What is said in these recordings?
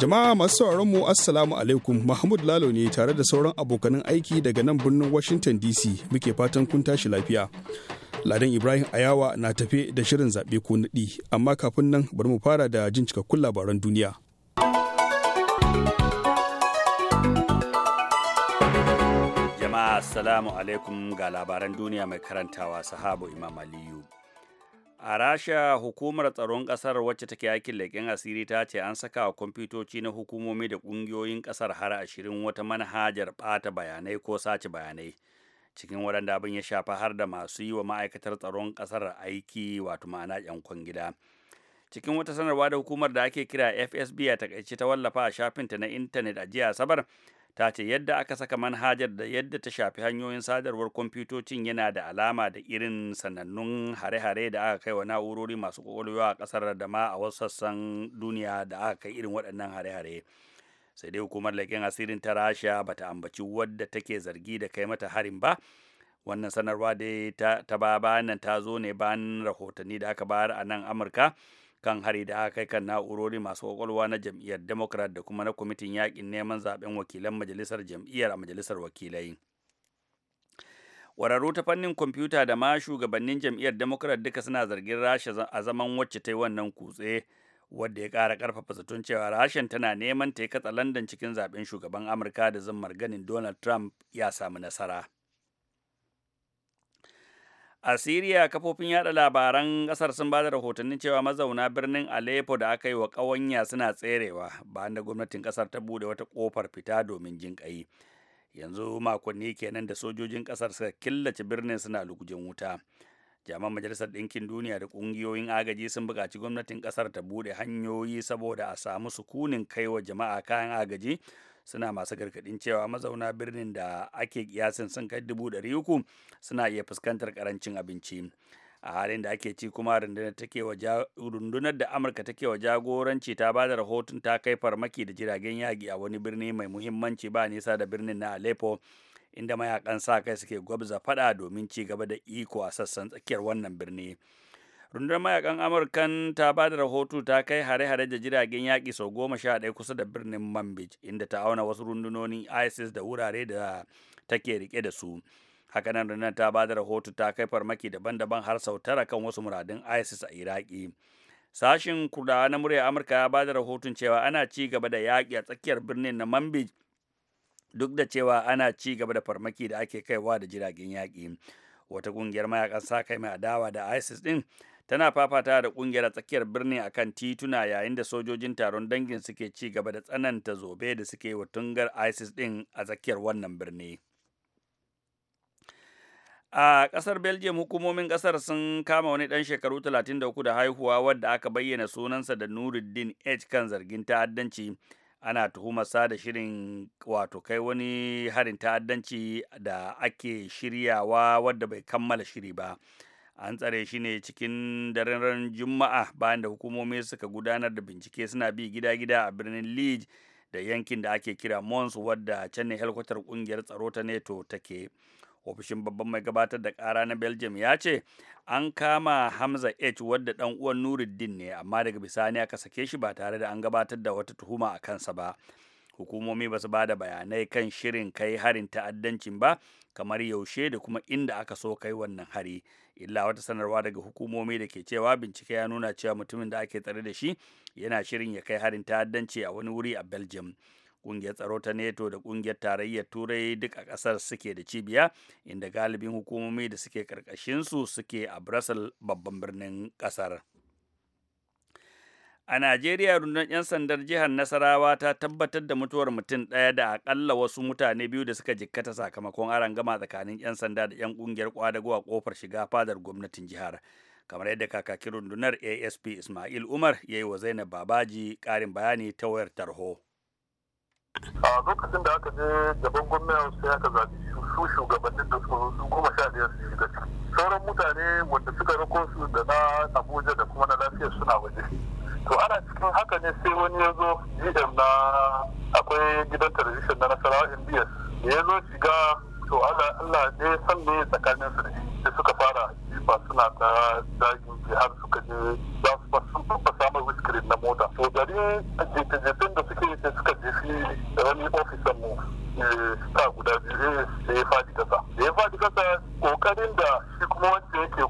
Jama'a masu sauraron mu Assalamu alaikum Mahmud Lalo ne tare da sauran abokanan aiki daga nan birnin Washington DC muke fatan kun tashi lafiya. Ladan Ibrahim Ayawa na tafe da shirin zaɓe ko naɗi amma kafin nan bari mu fara da jin cikakkun labaran duniya. Jama'a Assalamu alaikum ga labaran duniya mai karantawa sahabo Imam Aliyu. a rasha hukumar tsaron kasar wacce take yakin leƙen asiri ta ce an saka wa kwamfutoci na hukumomi da ƙungiyoyin kasar har ashirin wata manhajar ɓata bayanai ko sace bayanai cikin waɗanda abin ya shafa har da masu yi wa ma'aikatar tsaron kasar aiki wato ma'ana yankon gida cikin wata sanarwa da hukumar da ake kira fsb a takaice ta wallafa a shafinta na intanet a jiya asabar ta ce yadda aka saka manhajar da yadda ta shafi hanyoyin sadarwar kwamfutocin yana da alama da irin sanannun hare-hare da aka kai wa na'urori masu kwakwalwa a kasar da ma a wasu sassan duniya da aka kai irin waɗannan hare-hare sai dai hukumar leƙen asirin ta rasha ba ta ambaci wadda take zargi da kai mata harin ba wannan sanarwa dai ta, ta ba bayan ta zo ne bayan rahotanni da aka bayar a nan amurka kan hari da aka kai kan na'urori masu kwakwalwa na jam'iyyar democrat da kuma na kwamitin yakin neman zaben wakilan majalisar jam'iyyar a majalisar wakilai wararru ta fannin kwamfuta da ma shugabannin jam'iyyar democrat duka suna zargin rasha a zaman wacce ta yi wannan kutse wadda ya ƙara ƙarfafa zaton cewa rashin tana neman ta yi katsa london cikin zaben shugaban amurka da zammar ganin donald trump ya samu nasara A Siriya kafofin yada labaran kasar sun bada rahotannin cewa mazauna birnin Aleppo da aka yi wa ƙawanya suna tserewa bayan da gwamnatin kasar ta bude wata kofar fita domin jin ƙai. Yanzu makonni kenan da sojojin kasar suka killace birnin suna lugujin wuta. Jami'an Majalisar Ɗinkin Duniya da ƙungiyoyin agaji sun buƙaci gwamnatin ƙasar ta bude hanyoyi saboda a samu sukunin wa jama'a kayan agaji suna masu gargaɗin cewa mazauna birnin da ake kiyasin sun kai dubu ɗari uku suna iya fuskantar karancin abinci a halin da ake ci kuma rundunar da amurka take wa jagoranci ta ba da rahoton ta kai farmaki da jiragen yaƙi a wani birni mai muhimmanci ba nisa da birnin na aleppo inda mayakan sa kai suke gwabza fada domin ci gaba da iko a sassan tsakiyar wannan birni rundunar mayakan amurkan ta ba da rahoto ta kai hare-hare da jiragen yaƙi sau goma sha ɗaya kusa da birnin manbij inda ta auna wasu rundunonin isis da wurare da take rike da su hakanan rundunar ta ba da rahoto ta kai farmaki daban-daban har sau tara kan wasu muradun isis a iraki sashin kurdawa na murya amurka ya ba da rahoton cewa ana ci gaba da yaƙi a tsakiyar birnin na manbij duk da cewa ana ci gaba da farmaki da ake kaiwa da jiragen yaƙi wata ƙungiyar mayakan sa kai mai adawa da isis din tana fafata da kungiyar tsakiyar birni akan tituna yayin da sojojin taron dangin suke ci gaba da tsananta zobe da suke wa tungar isis din a tsakiyar wannan birni a kasar belgium hukumomin kasar sun kama wani dan shekaru 33 da haihuwa wadda aka bayyana sunansa da nuruddin h kan zargin ta'addanci ana tuhumarsa da shirin wato kai wani harin ta'addanci da ake shiryawa wadda bai kammala shiri ba an tsare shi ne cikin daren juma'a bayan da hukumomi suka gudanar da bincike suna bi gida-gida a birnin lij da yankin da ake kira mons wadda can ne helkwatar kungiyar tsaro ta neto take ofishin babban mai gabatar da kara na belgium ya ce an kama hamza h wadda dan uwan nuruddin ne amma daga bisani aka sake shi ba tare da an gabatar da wata tuhuma a kansa ba hukumomi ba su ba da bayanai kan shirin kai harin ta'addancin ba kamar yaushe da kuma inda aka so kai wannan hari illa wata sanarwa daga hukumomi da ke cewa bincike ya nuna cewa mutumin da ake tsare da shi yana shirin ya kai harin ta'addanci a wani wuri a belgium kungiyar tsaro ta neto da kungiyar tarayyar turai duk a kasar suke da cibiya inda galibin hukumomi da suke karkashin su suke a brussels babban birnin kasar A Najeriya rundunar 'yan sandar jihar Nasarawa ta tabbatar da mutuwar mutum ɗaya da aƙalla wasu mutane biyu da suka jikkata sakamakon gama tsakanin 'yan sanda da 'yan ƙungiyar kwadago a ƙofar shiga fadar gwamnatin jihar. Kamar yadda kakakin rundunar ASP Ismail Umar ya yi wa Zainab Babaji ƙarin bayani ta wayar tarho. A lokacin da aka je gaban gwamnati sai aka zaɓi su shugabannin da su goma sha su Sauran mutane wanda suka rako su da na Abuja da kuma na lafiya suna waje. to ana cikin haka ne sai wani ya zo gm na akwai gidan television na nasarawa mbs ya zo shiga to allah ne san me tsakanin su da suka fara jifa suna ta zagin har suka je za su sun fafasa samun wiskirin na mota to gari jefe-jefen da suke yake suka jefi wani ofisan mu eh, ta guda biyu ne eh, ya faɗi kasa da ya faɗi kasa kokarin da shi kuma wacce yake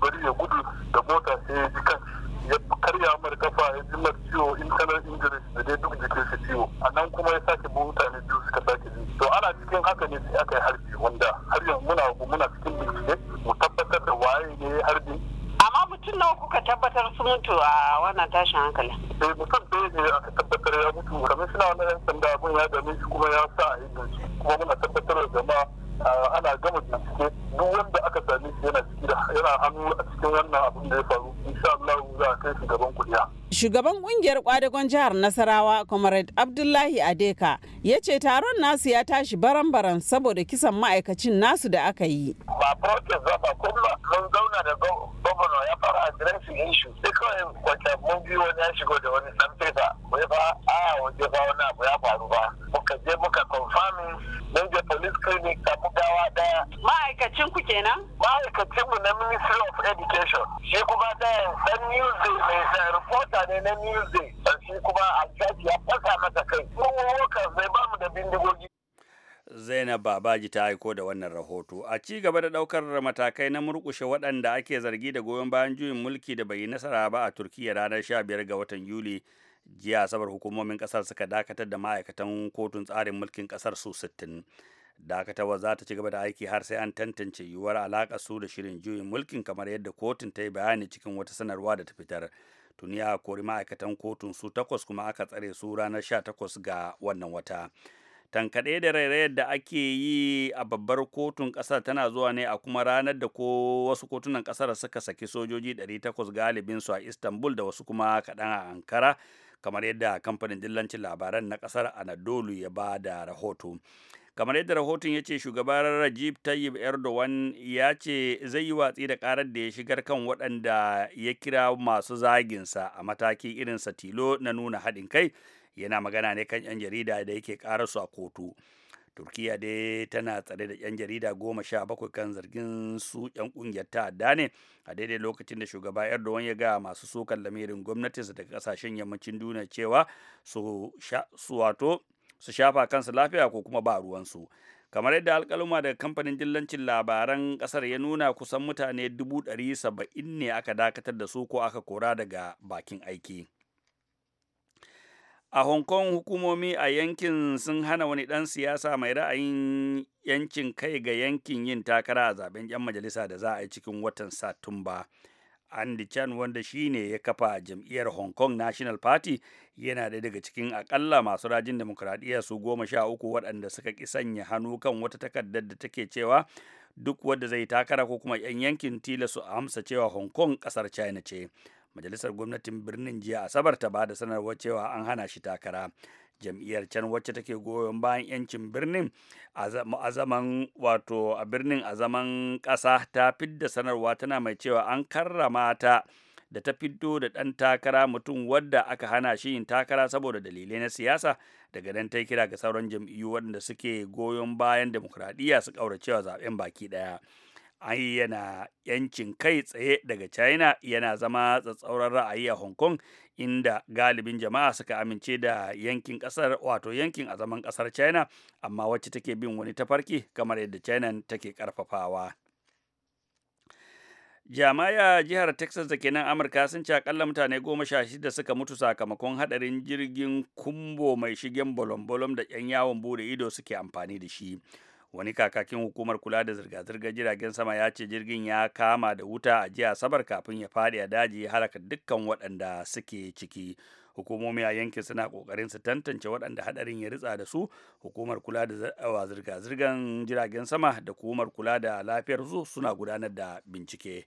Shugaban kungiyar kwadagon jihar Nasarawa, Comrade Abdullahi Adeka, ya ce taron nasu ya tashi baran-baran saboda kisan ma'aikacin nasu da aka yi. Ba protest ba ba kuma mun zauna da gwamna ya fara addressing issue. Sai kawai kwata mun biyo wani ya shigo da wani san fesa Wai fa a waje fa wani abu ya faru ba. Muka je muka confirming mun je police clinic ka ma'aikacin ku kenan ma'aikacin mu na ministry of education shi kuma da dan newsday mai da reporter ne na newsday shi kuma a ya fasa mata kai mu wuka zai ba mu da bindigogi Zainab Babaji ta aiko da wannan rahoto. A ci gaba da ɗaukar matakai na murƙushe waɗanda ake zargi da goyon bayan juyin mulki da bai yi nasara ba a Turkiyya ranar 15 ga watan Yuli. Jiya asabar hukumomin ƙasar suka dakatar da ma'aikatan kotun tsarin mulkin ƙasar su sittin. dakatawa za ta ci gaba da aiki har sai an tantance yiwuwar alaƙa su da shirin juyin mulkin kamar yadda kotun ta yi bayani cikin wata sanarwa da ta fitar tuni a kori ma'aikatan kotun su takwas kuma aka tsare su ranar 18 ga wannan wata tankaɗe da rairayar da ake yi a babbar kotun ƙasar tana zuwa ne a kuma ranar da ko wasu kotunan ƙasar suka saki sojoji 800 galibin su a istanbul da wasu kuma kaɗan a ankara kamar yadda kamfanin dillancin labaran na ƙasar anadolu ya ba da rahoto kamar yadda rahoton ya ce shugaban rajib tayyib erdogan ya ce zai yi watsi da karar da ya shigar kan waɗanda ya kira masu zaginsa a mataki sa tilo na nuna haɗin kai yana magana ne kan 'yan jarida da yake su a kotu turkiya dai tana tsare da 'yan jarida goma sha bakwai kan zargin su 'yan kungiyar ta'adda ne a daidai lokacin da shugaba erdogan ya ga masu sukan lamirin gwamnatinsa daga kasashen yammacin duniya cewa su wato su shafa kansu lafiya ko kuma ba ruwansu kamar yadda alkaluma daga kamfanin dillancin labaran kasar ya nuna kusan mutane dubu ɗari saba'in ne aka dakatar da su ko aka kora daga bakin aiki a hong kong hukumomi a yankin sun hana wani ɗan siyasa mai ra'ayin yancin kai ga yankin yin takara a zaben 'yan majalisa da za a yi cikin watan satumba Andy Chan wanda shi ne ya kafa jam'iyyar Hong Kong National Party yana da daga cikin akalla masu rajin demokuraɗiyya su goma sha uku waɗanda suka ƙi sanya hannu kan wata takardar da take cewa duk wanda zai takara ko kuma 'yan yankin tila su amsa cewa Hong Kong ƙasar China ce. Majalisar gwamnatin birnin jiya Asabar ta ba da sanarwar cewa an hana shi takara. jam'iyyar can wacce take goyon bayan 'yancin birnin a zaman wato a birnin a zaman ƙasa ta fidda sanarwa tana mai cewa an karrama ta da ta fito da ɗan takara mutum wadda aka hana shi yin takara saboda dalilai na siyasa daga nan ta kira ga sauran jam'iyyu waɗanda suke goyon bayan demokradiyya su ƙauracewa zaɓen baki ɗaya. ayyana yancin kai tsaye daga china yana zama tsatsauran ra'ayi a hong kong inda galibin jama'a suka amince da yankin kasar wato yankin a zaman kasar china amma wacce take bin wani tafarki kamar yadda china take karfafawa jami'a jihar texas da kenan amurka sun ci akalla mutane goma sha shida suka mutu sakamakon hadarin jirgin kumbo mai shigen bolom-bolom da 'yan yawon bude ido suke amfani da shi wani kakakin hukumar kula da zirga-zirgar jiragen sama ya ce jirgin ya kama da wuta a jiya asabar kafin ya faɗi a daji ya halaka dukkan waɗanda suke ciki hukumomi a yankin suna kokarin su tantance waɗanda hadarin ya ritsa da su hukumar kula da zirga-zirgar jiragen sama da hukumar kula da lafiyar su suna gudanar da bincike.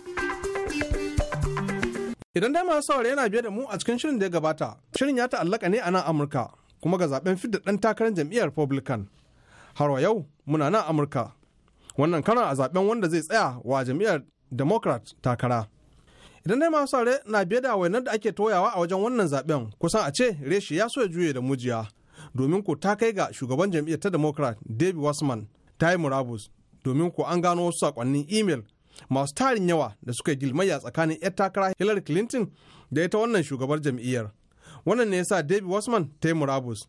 Idan dai masu saurare yana biye da mu a cikin shirin da ya gabata, shirin ya ta'allaka ne a nan Amurka kuma ga zaben fidda ɗan takarar jam'iyyar Republican. Har wa yau muna nan Amurka. Wannan karan a zaben wanda zai tsaya wa jam'iyyar Democrat takara. Idan dai masu saurare na biye da wainar da ake toyawa a wajen wannan zaben kusan a ce reshi ya so ya juye da mujiya. Domin ko ta kai ga shugaban jam'iyyar ta Democrat David Wasman ta yi murabus domin ko an gano wasu sakonnin imel masu tarin yawa da suka yi gilmaya tsakanin 'yar takara hillary clinton da ita wannan shugabar jam'iyyar wannan ne ya sa david wasman ta yi murabus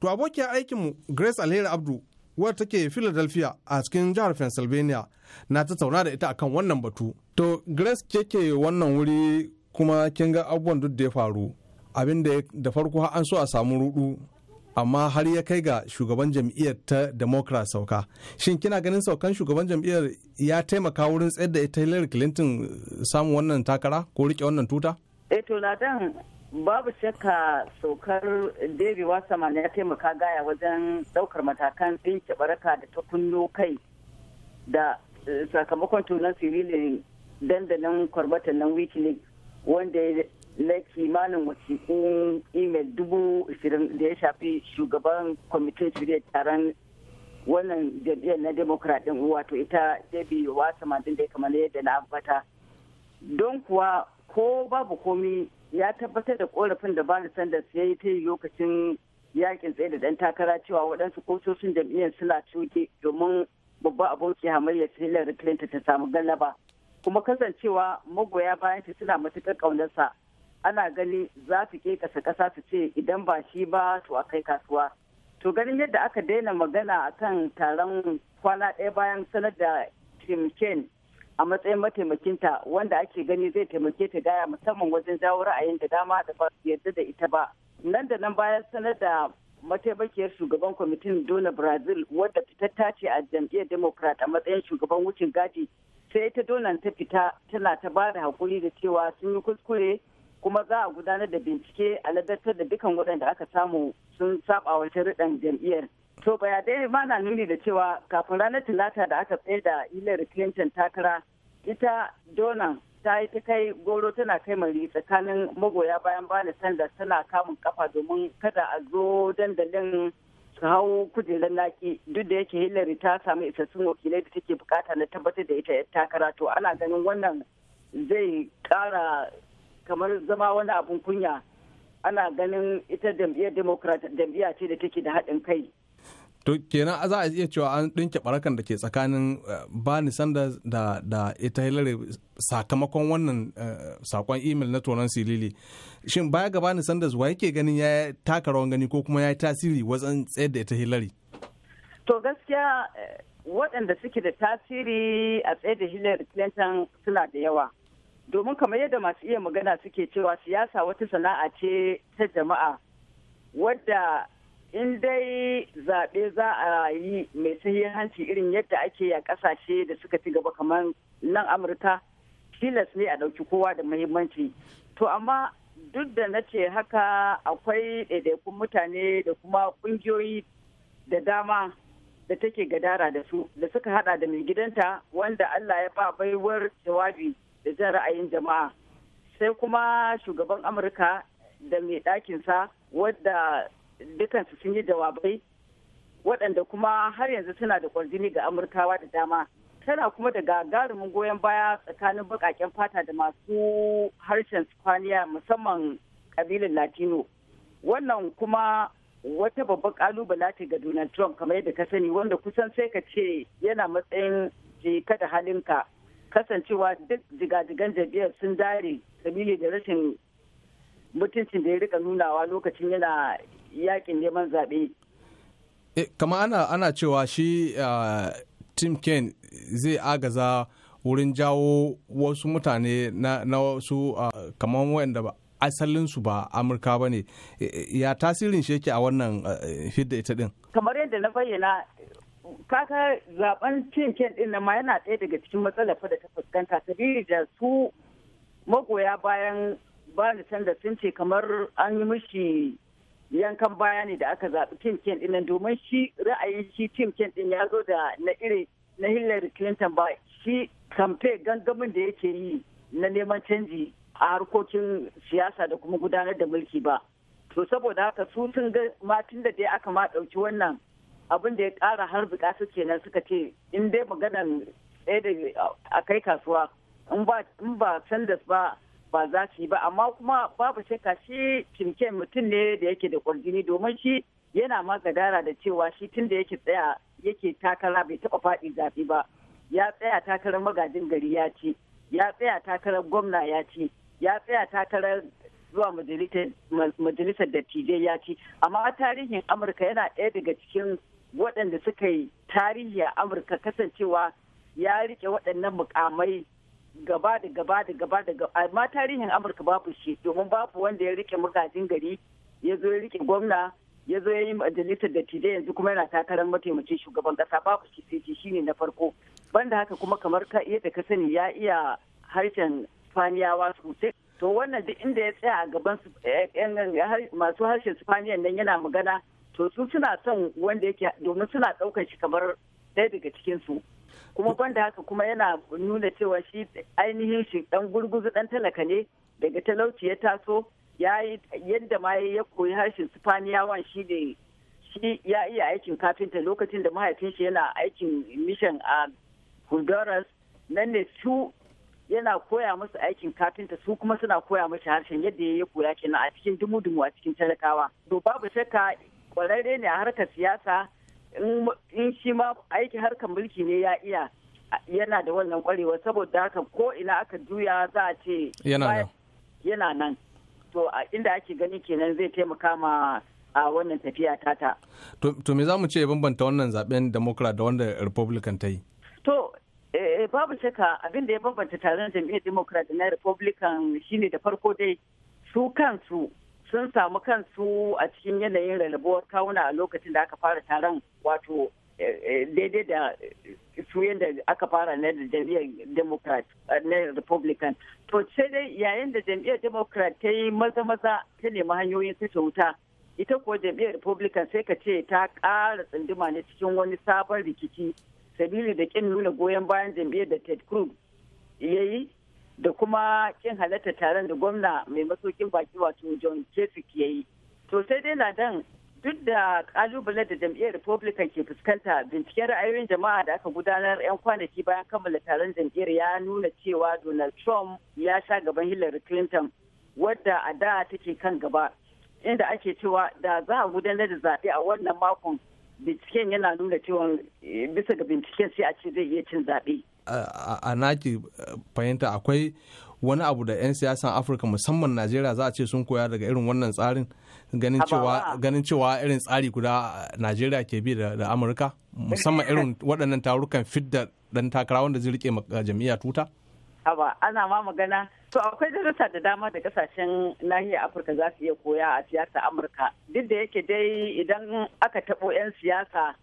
to abokiyar aikinmu grace alheri abdu wadda take philadelphia a cikin jihar pennsylvania na ta tauna da ita akan wannan batu to grace keke wannan wuri kuma kin ga abubuwan duk da ya faru abin da da farko an so a samu rudu amma har ya kai ga shugaban jam'iyyar ta democrat sauka shin kina ganin saukan shugaban jam'iyyar ya taimaka wurin tsayar da ita hillary clinton uh, samun wannan takara ko rike wannan tuta eh to dan babu shakka saukar david wasserman ya taimaka gaya wajen daukar matakan tsinke baraka da ta kunno kai da uh, sakamakon tunan sirilin dandalin kwarbatan nan wikileaks wanda na kimanin wasiƙun imel dubu ishirin da ya shafi shugaban kwamitin shirya taron wannan jam'iyyar na democrat din wato ita debi wasaman din da ya kamar yadda na ambata don kuwa ko babu komi ya tabbatar da korafin da bani sanders ya yi ta yi lokacin yakin tsaye da dan takara cewa waɗansu kotocin jam'iyyar suna cuke domin babban abokin hamayya sai hillary clinton ta samu galaba kuma kasancewa magoya bayan ta suna matuƙar ƙaunarsa ana gani za su kasa kasa su ce idan ba shi ba to a kai kasuwa to ganin yadda aka daina magana akan taron kwana ɗaya bayan sanar da tim a matsayin mataimakinta wanda ake gani zai taimake ta gaya musamman wajen jawo ra'ayin da dama da ba su yarda da ita ba nan da nan bayan sanar da mataimakiyar shugaban kwamitin dona brazil wadda fitatta ce a jam'iyyar democrat a matsayin shugaban wucin gadi sai ta donan ta fita tana ta ba da hakuri da cewa sun yi kuskure kuma za a gudanar da bincike a ladattar da dukan waɗanda aka samu sun saba wa sharuɗan jam'iyyar to bayanai ma na nuni da cewa kafin ranar talata da aka tsaye da hillary clinton takara ita donald ta yi ta kai goro tana kai mari tsakanin magoya bayan bani sanders tana kamun kafa domin kada a zo dandalin su hau kujerar naki duk da yake hillary ta samu isassun wakilai da take bukata na tabbatar da ita takara to ana ganin wannan zai kara kamar zama wani abun kunya ana ganin ita jam'iyyar democrat jam'iyya ce da take da haɗin kai to kenan za a iya cewa an ɗinke barakan da ke tsakanin eh, bani sanders da da ita hillary sakamakon wannan eh, sakon email na tonon silili shin baya ga bani sanders wa yake ganin ya taka rawan gani ko kuma ya yi tasiri wajen tsayar da ita hillary to gaskiya eh, waɗanda suke da tasiri a tsaye da hillary clinton suna da yawa domin kamar yadda masu iya magana suke cewa siyasa wata sana'a ce ta jama'a wadda in dai zaɓe za a yi mai hanci irin yadda ake a ƙasashe da suka ci gaba kamar nan amurka tilas ne a ɗauki kowa da muhimmanci to amma duk da na ce haka akwai ɗaiɗaikun mutane da kuma ƙungiyoyi da dama da take gadara da su da suka hada da mai gidanta wanda allah ya ba baiwar jawabi da jan ra'ayin jama'a sai kuma shugaban amurka da mai ɗakinsa wadda dukansu sun yi jawabai waɗanda kuma har yanzu suna da kwarjini ga amurkawa da dama tana kuma da gagarumin goyon baya tsakanin baƙaƙen fata da masu harshen spaniya musamman ƙabilin latino wannan kuma wata babban kalubala ce ga donald trump kamar yadda ka sani wanda kusan sai ka ce yana matsayin jika da halinka kasancewa duk jigajigan jam'iyyar sun dare sabili da rashin mutuncin da ya rika nunawa lokacin yana yakin neman zaɓe. Eh, kama ana cewa shi ah, tim ken zai agaza wurin jawo wasu mutane na, wasu ah, kamar wayanda ba asalinsu ba amurka ba ne eh, ya tasirin shi yake a wannan ah, eh, fidda ita din kamar yadda na bayyana kaka zaben cin ken din nan ma yana ɗaya daga cikin matsalar da ta fuskanta sabili da su magoya bayan bani sanda sun ce kamar an yi mishi yankan baya ne da aka zaɓi cin ken din nan domin shi ra'ayin shi cin ken din ya zo da na iri na hillary clinton ba shi kamfe gangamin da yake yi na neman canji a harkokin siyasa da kuma gudanar da mulki ba to saboda haka su sun ga matun da dai aka ma ɗauki wannan abin da ya kara har su kenan suka ce in dai maganan ɗaya da a kai kasuwa in ba sandas ba ba za su yi ba amma kuma babu shakka shi cinikin mutum ne da yake da kwarjini domin shi yana ma gadara da cewa shi tun da yake tsaya yake takara bai taba faɗi zafi ba ya tsaya takarar magajin gari ya ci ya tsaya takarar gwamna ya ci ya tsaya takarar zuwa majalisar dattijai ya ci amma tarihin amurka yana ɗaya daga cikin waɗanda suka yi tarihi a amurka kasancewa ya rike waɗannan mukamai gaba da gaba da gaba da gaba amma tarihin amurka babu shi domin babu wanda ya rike magajin gari ya zo ya rike gwamna ya zo ya yi majalisar dattijai yanzu kuma yana takarar mataimakin shugaban kasa babu shi sai shi ne na farko banda haka kuma kamar ka iya da ka sani ya iya harshen faniyawa sosai to wannan duk inda ya tsaya a gaban eh, masu harshen spaniyan nan yana magana to su suna son wanda yake domin suna ɗaukar shi kamar ɗaya daga cikin su kuma banda haka kuma yana nuna cewa shi ainihin shi ɗan gurguzu ɗan talaka ne daga talauci ya taso ya yi yadda ma ya koyi harshen sifaniyawan shi ne shi ya iya aikin kafinta lokacin da mahaifin shi yana aikin mishan a honduras nan ne su yana koya musu aikin kafinta su kuma suna koya mashi harshen yadda ya koya kenan a cikin dumu-dumu a cikin talakawa to babu shakka kwararre ne a harkar siyasa in shi ma aiki harkar mulki ne ya iya yana da wannan kwarewa saboda haka ko ina aka juya za a ce yana nan to inda ake gani kenan zai taimaka ma a wannan tafiya tata to me za mu ce bambanta wannan zaben democrat da wanda republican ta yi to eh, eh, babu shakka abin da ya bambanta taron jam'iyyar democrat da na republican shine da farko dai su kansu sun samu kansu a cikin yanayin rarrabuwar kawuna a lokacin da aka fara taron wato eh, eh, daidai da eh, su yadda aka fara na da jam'iyyar democrat na republican to sai dai yayin da jam'iyyar democrat ta yi maza-maza ta nemi hanyoyin kashe wuta ita kuwa jam'iyyar republican sai ka ce ta ƙara tsunduma ne cikin wani sabon rikici sabili da kin nuna goyon bayan jam'iyyar da ted cruz ya yi da kuma kin halatta taron da gwamna mai masaukin baki wato john kesik ya yi to sai dai na dan duk da kalubale da jam'iyyar republican ke fuskanta binciken ra'ayoyin jama'a da aka gudanar 'yan kwanaki bayan kammala taron jam'iyyar ya nuna cewa donald trump ya sha gaban hillary clinton wadda a da take kan gaba inda ake cewa da za a gudanar da zaɓe a wannan makon binciken yana nuna cewa eh, bisa ga binciken sai a ce zai iya cin zaɓe. a naki eh, fahimta akwai wani abu da 'yan siyasan afirka musamman najeriya za a ce sun koya daga irin wannan tsarin ganin cewa irin tsari guda eh, najeriya ke bi da amurka musamman irin waɗannan tarukan fidda ɗan takara wanda zai rike eh, jam'iyya tuta haba ana ma magana to akwai darussa da dama da kasashen nahiyar afirka za su iya koya a siyasa amurka duk da yake dai idan aka taɓo 'yan siyasa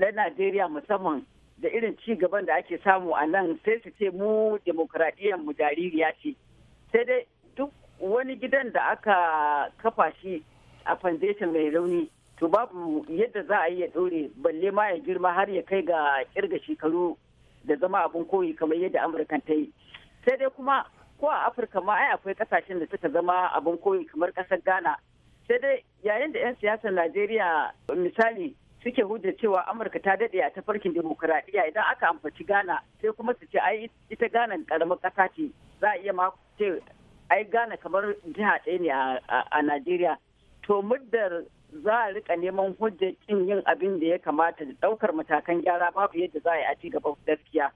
na najeriya musamman da irin ci gaban da ake samu a nan sai su ce mu demokradiyyar mu jaririya ce sai dai duk wani gidan da aka kafa shi a foundation mai rauni to babu yadda za a yi ya dore balle ma ya girma har ya kai ga kirga shekaru da zama abin koyi kamar yadda amurkan ta yi sai dai kuma ko a afirka ma ai akwai kasashen da suka zama abin koyi kamar ƙasar ghana sai dai yayin da 'yan siyasar najeriya misali suke hujjar cewa amurka ta daɗe a tafarkin demokuraɗiyya idan aka ambaci gana sai kuma su ce ai ita ghana karamar ƙasa ce za a iya ma ce ai ghana kamar jiha ɗaya ne a najeriya to muddar za a rika neman hujjar kin yin abin da ya kamata da ɗaukar matakan gyara babu yadda za a yi a ci gaba gaskiya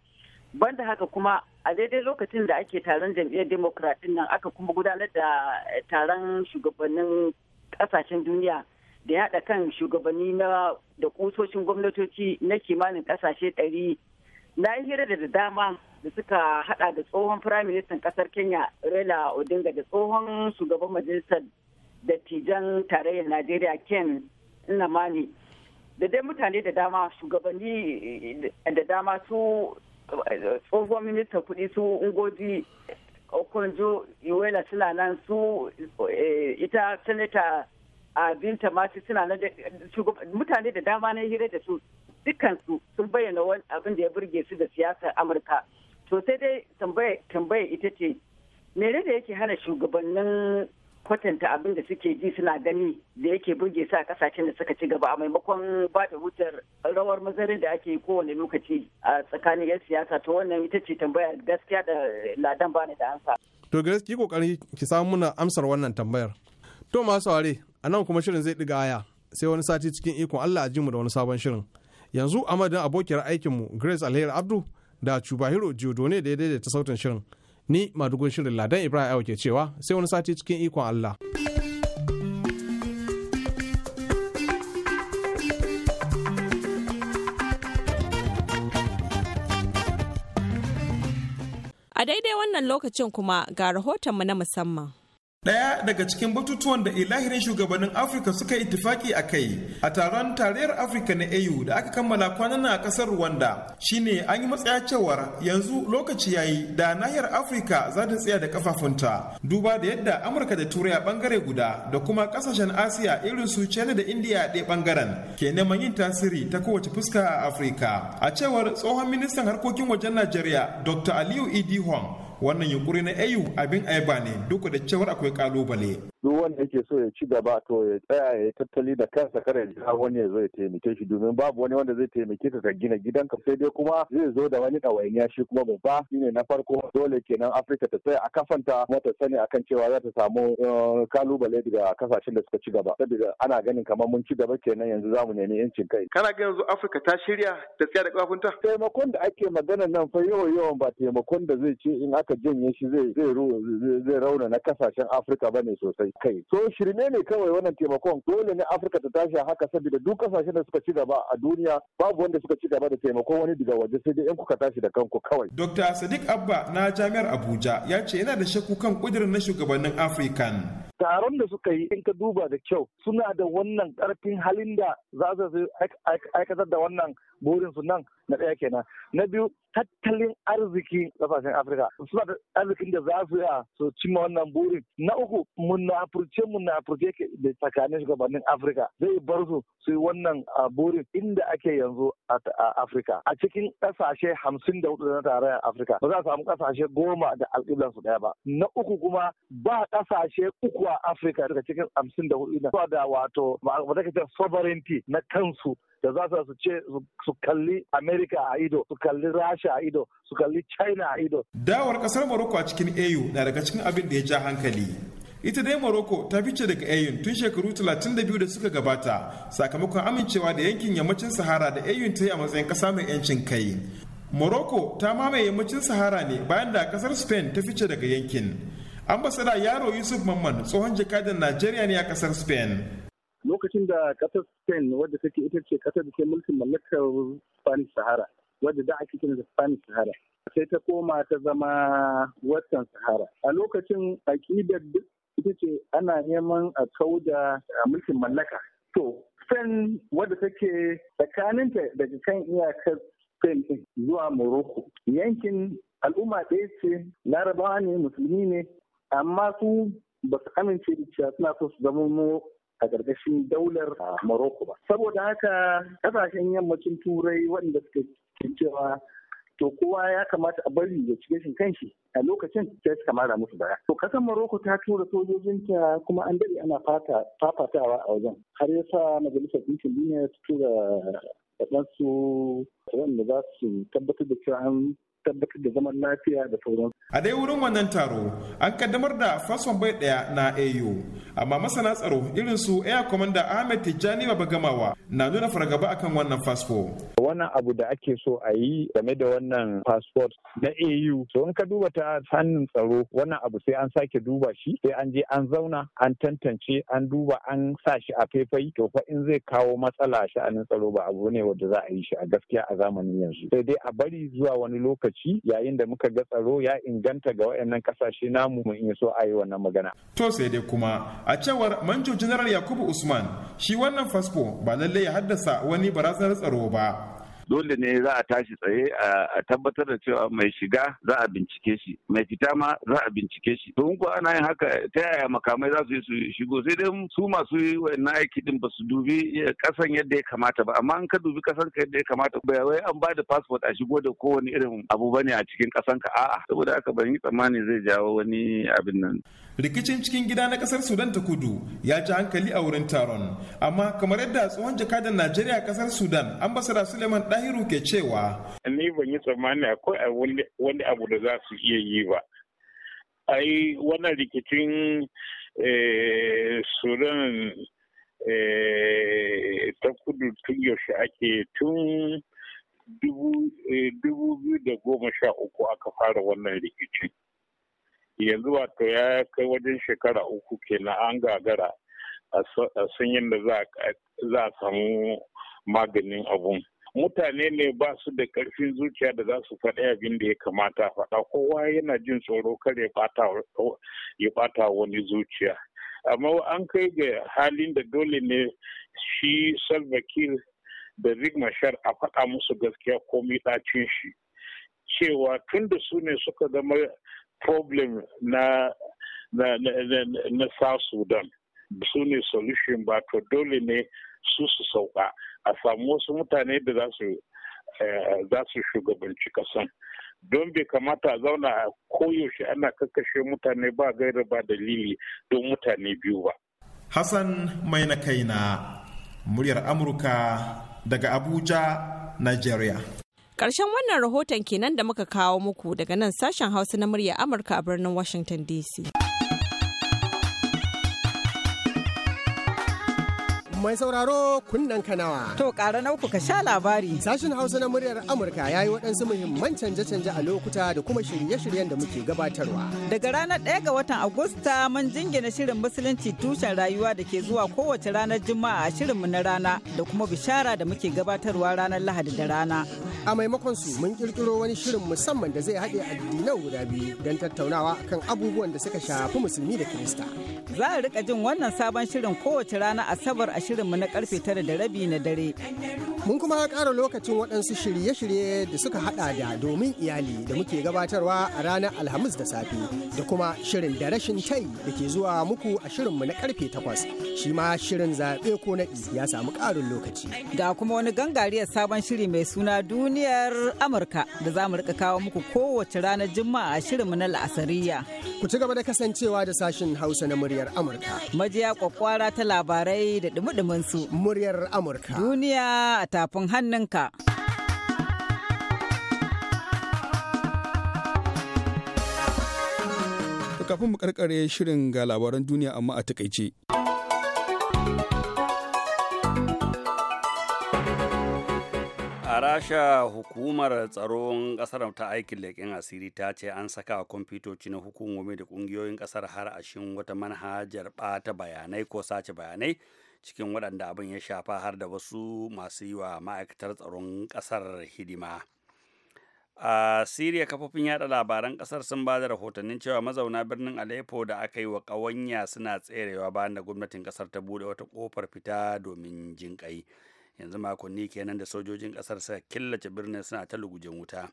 banda haka kuma a daidai lokacin da ake taron jam'iyyar democrat nan aka kuma gudanar da taron shugabannin kasashen duniya da ya haɗa kan shugabanni na da kusoshin gwamnatoci na kimanin ƙasashe ɗari na yi hira da dama da suka haɗa da tsohon firaministan ƙasar kenya rela odinga da tsohon shugaban majalisar dattijan tarayyar najeriya ken namani da dai mutane da dama shugabanni da dama su tsohon ministan kuɗi su ungoji okonjo iwela suna nan su eh, ita sanata a binta suna na mutane da dama na hira da su su sun bayyana wani abin da ya burge su da siyasar amurka sosai dai tambaya ita ce mene da yake hana shugabannin kwatanta abin da suke ji suna gani da yake burge su a kasashen da suka ci gaba a maimakon ba da wutar rawar mazarin da ake kowane lokaci a tsakanin 'yan siyasa to wannan ita ce tambaya gaskiya da ladan bani da ansa. to gaskiya kokarin ki samu muna amsar wannan tambayar to masu ware. a nan kuma shirin zai ɗiga aya sai wani sati cikin ikon Allah a ji mu da wani sabon shirin yanzu a madadin abokiyar aikinmu Grace Alheri Abdu da Chubahiro ne da ya daidaita sautin shirin ni madugun shirin Ladan Ibrahim ke cewa sai wani sati cikin ikon Allah. A daidai wannan lokacin kuma ga rahotonmu na musamman. Ɗaya daga cikin batutuwan da ilahirin shugabannin Afirka suka yi tifaki a kai a taron tarayyar Afirka na AU da aka kammala kwanan a ƙasar Rwanda shine an yi matsaya cewar yanzu lokaci yayi da nahiyar Afirka za ta tsaya da kafafunta duba da yadda Amurka da Turai a bangare guda da kuma ƙasashen Asiya irin su China da India a ɗaya bangaren ke neman yin tasiri ta kowace fuska a Afirka. A cewar tsohon ministan harkokin wajen Najeriya Dr. Aliyu Idi Hong wannan yunkuri na AU abin aiba ne duk da cewar akwai kalubale duk wanda yake so ya ci gaba to ya tsaya ya yi tattali da kansa kada ya wani ya zo ya taimake shi domin babu wani wanda zai taimake ka ka gina ka sai dai kuma zai zo da wani ɗawainiya shi kuma ba shine na farko dole kenan afirka ta tsaya a kafanta kuma ta sani akan cewa za ta samu eh, kalubale daga kasashen da suka ci gaba saboda ana ganin kamar mun ci gaba kenan yanzu za mu nemi yancin kai kana ga yanzu afirka ta shirya ta tsaya da kafunta taimakon da ake magana nan fa yawan yawan ba taimakon da zai ce in aka janye shi zai zai rauna na kasashen afirka ne sosai kai kai so shirme ne kawai wannan taimakon dole ne afirka ta tashi a haka saboda duk kasashen da suka ci gaba a duniya babu wanda suka ci gaba da taimakon wani daga waje sai dai ku ka tashi da kanku kawai dr sadiq abba na jami'ar abuja ya ce yana da shakku kan kudirin na shugabannin afirkan taron da suka yi in ka duba da kyau suna da wannan karfin halin da za su aikatar da wannan burin su nan na ɗaya kenan na biyu tattalin arziki kasashen afirka suna da arzikin da za su yi su cimma wannan burin na uku munafurce munafurce da tsakanin shugabannin afirka zai bar su su yi wannan burin inda ake yanzu a afirka a cikin kasashe hamsin da hudu na tarayyar afirka ba za a samu kasashe goma da alƙiblar su ɗaya ba na uku kuma ba kasashe uku zuwa Afirka daga cikin hamsin da hudu zuwa da wato ma'aikatar sovereignty na kansu da za su ce su kalli Amerika a ido, su kalli Rasha a ido, su kalli China a ido. Dawar kasar Morocco a cikin AU na daga cikin abin da ya ja hankali. Ita dai Morocco ta fice daga AU tun shekaru 32 da suka gabata sakamakon amincewa da yankin yammacin Sahara da AU ta yi a matsayin ƙasa mai 'yancin kai. Morocco ta mamaye yammacin Sahara ne bayan da kasar Spain ta fice daga yankin. ambasada yaro yusuf mamman tsohon jakadan najeriya ne a kasar spain lokacin da kasar spain wadda take ita ce kasar da ke mulkin mallakar spanish sahara wadda da ake kira da spanish sahara sai ta koma ta zama western sahara a lokacin aƙidar ita ce ana neman a kauda mulkin mallaka to spain wadda take tsakaninta daga kan iyakar spain zuwa morocco yankin al'umma ɗaya ce larabawa ne musulmi ne amma su ba su amince da cewa suna so su zama mu a gargashin daular ah, Morocco ba. Saboda haka ƙasashen yammacin turai waɗanda suka cewa to kowa ya kamata a bari da cike shin kanshi a lokacin sai suka mara musu baya. To ƙasar Morocco ta tura sojojinta kuma an dare ana fafatawa a wajen. Har yasa majalisar ɗinkin duniya ta tura waɗansu waɗanda za su tabbatar da cewa an tabbatar da zaman lafiya da sauran. A dai wurin wannan taro an kaddamar da fason bai ɗaya na AU amma masana tsaro irin su Air Commander Ahmed Tijjani Babagamawa na nuna fargaba akan wannan fasfo. Wannan abu da ake so a yi game da wannan fasfot na AU so in ka duba ta hannun tsaro wannan abu sai an sake duba shi sai an je an zauna an tantance an duba an sa shi a faifai to fa in zai kawo matsala sha'anin tsaro ba abu ne wanda za a yi shi a gaskiya a zamanin yanzu sai dai a bari zuwa wani lokaci lokaci yayin da muka ga tsaro ya inganta ga wayannan kasashe namu mu in so a yi wannan magana. To sai dai kuma a cewar manjo General Yakubu Usman shi wannan fasfo ba lallai ya haddasa wani barazanar tsaro ba dole ne za a tashi tsaye a tabbatar da cewa mai shiga za a bincike shi mai fita ma za a bincike shi to in ana yin haka ta yaya makamai za su yi su shigo sai dai su masu yi wannan aiki din ba su dubi kasan yadda ya kamata ba amma in ka dubi kasan ka yadda ya kamata ba wai an ba da passport a shigo da kowane irin abu bane a cikin kasan ka a'a saboda haka ban yi tsammani zai jawo wani abin nan rikicin cikin gida na kasar sudan ta kudu ya ci hankali a wurin taron amma kamar yadda tsohon jakadan najeriya kasar sudan ambasada suleiman dahiru ke cewa ni ban yi tsammani akwai wani abu da za su iya yi ba ai wannan rikicin eh, sudan eh, ta kudu tun yaushe ake tun eh, da goma sha uku aka fara wannan rikicin yanzu wato ya kai wajen shekara uku kenan an gagara a sun yadda za a samu maganin abun mutane ne ba su da karfin zuciya da za su faɗi abin da ya kamata faɗa kowa yana jin tsoro kar ya ɓata wani zuciya amma an kai ga halin da dole ne shi salvakir da rigmashar a faɗa musu gaskiya komi ɗacin shi cewa tun da su ne suka zama problem na na, na, na, South Sudan su ne solution ba to dole ne su su sauka a samu wasu mutane da za su eh, za su shugabanci kasan don bai kamata a zauna a koyaushe ana kakkashe mutane ba gaira ba dalili don mutane biyu ba. Hassan mai na kai na muryar Amurka daga Abuja, Nigeria. Karshen wannan rahoton kenan da muka kawo muku daga nan sashen Hausa na murya Amurka a birnin Washington DC. mai sauraro kunnen kanawa. To ƙara nauku ka sha labari. Sashen Hausa na muryar Amurka ya yi waɗansu muhimman canje-canje a lokuta da kuma shirye-shiryen da muke gabatarwa. Daga ranar ɗaya ga watan Agusta mun jingina shirin Musulunci tushen rayuwa da ke zuwa kowace ranar Juma'a a shirinmu na rana da kuma bishara da muke gabatarwa ranar Lahadi da rana. a maimakon su mun kirkiro wani shirin musamman da zai haɗe addinan guda biyu don tattaunawa kan abubuwan da suka shafi musulmi da kirista za a rika jin wannan sabon shirin kowace rana asabar a shirinmu na karfe tara da rabi na dare mun kuma ƙara lokacin waɗansu shirye-shirye da suka haɗa da domin iyali da muke gabatarwa a ranar alhamis da safe da kuma shirin da rashin tai da ke zuwa muku a shirinmu na karfe takwas shi ma shirin zaɓe ko naɗi ya samu ƙarin lokaci ga kuma wani gangariyar sabon shiri mai suna duniya duniyar Amurka da za mu rika kawo muku kowace ranar Juma'a a shirinmu na la'asariya. Ku ci gaba da kasancewa da sashin Hausa na muryar Amurka. Majiya kwakwara ta labarai da dumudumin su. Muryar Amurka. Duniya a tafin hannunka. Kafin mu karkare shirin ga labaran duniya amma a takaice. sasha hukumar tsaron kasar ta aikin leƙen asiri ta ce an saka a kwamfutoci na hukumomi da ƙungiyoyin kasar har ashin wata manhajar ɓata bayanai ko sace bayanai cikin waɗanda abin ya shafa har da wasu masu yi wa ma'aikatar tsaron kasar hidima a siriya kafofin yada labaran kasar sun ba da rahotannin cewa mazauna birnin aleppo da aka yi wa ƙawanya suna tserewa bayan da gwamnatin kasar ta bude wata kofar fita domin jinƙai yanzu makonni kenan da sojojin kasar suka killace birnin suna ta lugujen wuta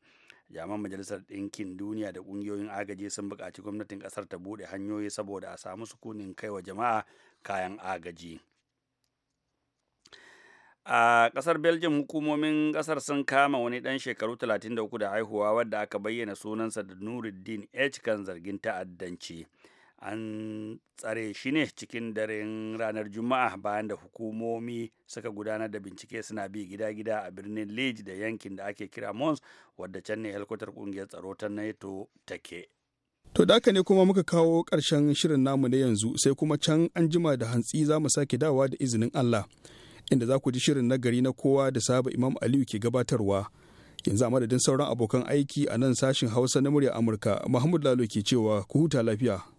jaman majalisar ɗinkin duniya da ƙungiyoyin agaji sun buƙaci gwamnatin ƙasar ta buɗe hanyoyi saboda a samu sukunin wa jama'a kayan agaji a ƙasar belgium hukumomin ƙasar sun kama wani ɗan shekaru 33 da haihuwa wadda aka bayyana sunansa da nuruddin h kan zargin ta'addanci an tsare shi ne cikin daren ranar juma'a bayan da hukumomi suka gudanar da bincike suna bi gida-gida a birnin lej da yankin da ake kira mons wadda can ne helikwatar kungiyar tsaro ta nato take to da ne kuma muka kawo karshen shirin namu na yanzu sai kuma can an jima da hantsi za mu sake dawa da izinin allah inda za ku ji shirin na gari na kowa da saba imam aliyu ke gabatarwa yanzu a madadin sauran abokan aiki a nan sashin hausa na murya amurka mahmud lalo ke cewa ku huta lafiya